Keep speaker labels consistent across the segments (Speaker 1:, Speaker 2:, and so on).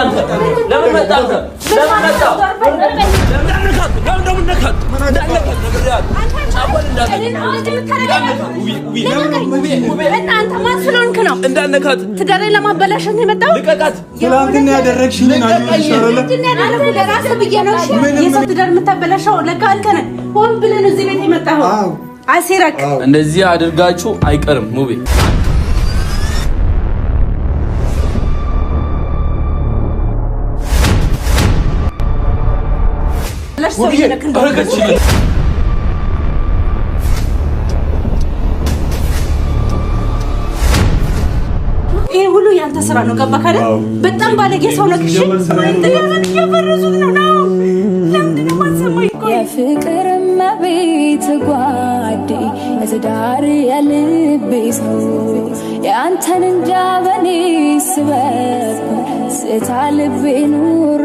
Speaker 1: አንተ ለምን መጣ? እንዳነካት?
Speaker 2: ትዳሬን ለማበላሸት የመጣው።
Speaker 3: ትናንትና ያደረግሽኝን
Speaker 2: የሰው ትዳር የምታበላሸው ለካ አንተ ነህ። ሆን ብለን እዚህ ቤት የመጣኸው አሴረክ።
Speaker 1: እንደዚህ አድርጋችሁ አይቀርም ሙቤ
Speaker 2: ይህ ሁሉ ያንተ ስራ ነው። ገባህ አይደል? በጣም ባለጌ ሰው ነው።
Speaker 4: የፍቅር መቤት ጓዴ የትዳር የልቤ ሰው የአንተን እንጃ በኔ ስበብ ስታ ልቤ ኑረ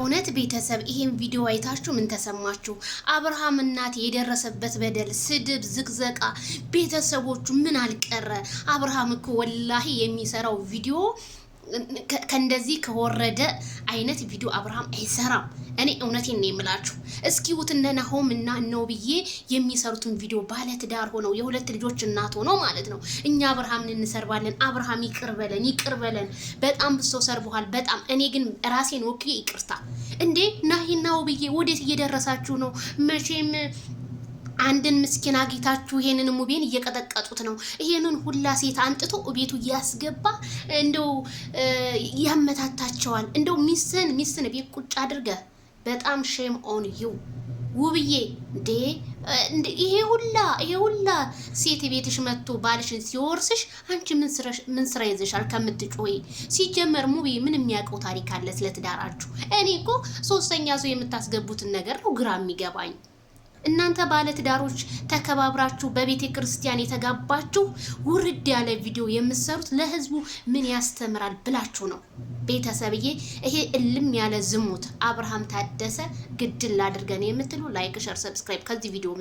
Speaker 2: እውነት ቤተሰብ ይሄን ቪዲዮ አይታችሁ ምን ተሰማችሁ? አብርሃም እናት የደረሰበት በደል፣ ስድብ፣ ዝቅዘቃ፣ ቤተሰቦቹ ምን አልቀረ። አብርሃም እኮ ወላሂ የሚሰራው ቪዲዮ ከእንደዚህ ከወረደ አይነት ቪዲዮ አብርሃም አይሰራም። እኔ እውነቴን ነው የምላችሁ። እስኪ ውት እነ ናሆም እና ነው ብዬ የሚሰሩትን ቪዲዮ ባለትዳር ሆነው የሁለት ልጆች እናት ሆነው ማለት ነው። እኛ አብርሃምን እንሰርባለን። አብርሃም ይቅርበለን፣ ይቅርበለን። በጣም ብሶ ሰርበኋል። በጣም እኔ ግን ራሴን ወክዬ ይቅርታ እንዴ ናሂና ውብዬ ወዴት እየደረሳችሁ ነው? መቼም አንድን ምስኪን አግኝታችሁ ይሄንን ሙቤን እየቀጠቀጡት ነው። ይሄንን ሁላ ሴት አንጥቶ ቤቱ እያስገባ እንደው ያመታታቸዋል። እንደው ሚስን ሚስን ቤት ቁጭ አድርገ በጣም ሼም ኦን ዩ ውብዬ እንዴ! ይሄ ሁላ ይሄ ሁላ ሴት ቤትሽ መጥቶ ባልሽን ሲወርስሽ አንቺ ምን ስራ ይዘሻል ከምትጮይ? ሲጀመር ሙቤ ምን የሚያውቀው ታሪክ አለ ስለትዳራችሁ? እኔ እኮ ሶስተኛ ሰው የምታስገቡትን ነገር ነው ግራ የሚገባኝ። እናንተ ባለትዳሮች ተከባብራችሁ በቤተ ክርስቲያን የተጋባችሁ ውርድ ያለ ቪዲዮ የምትሰሩት ለህዝቡ ምን ያስተምራል ብላችሁ ነው። ቤተሰብዬ፣ ይሄ እልም ያለ ዝሙት አብርሃም ታደሰ ግድል ላድርገን የምትሉ ላይክ፣ ሸር፣ ሰብስክራይብ ከዚህ ቪዲዮ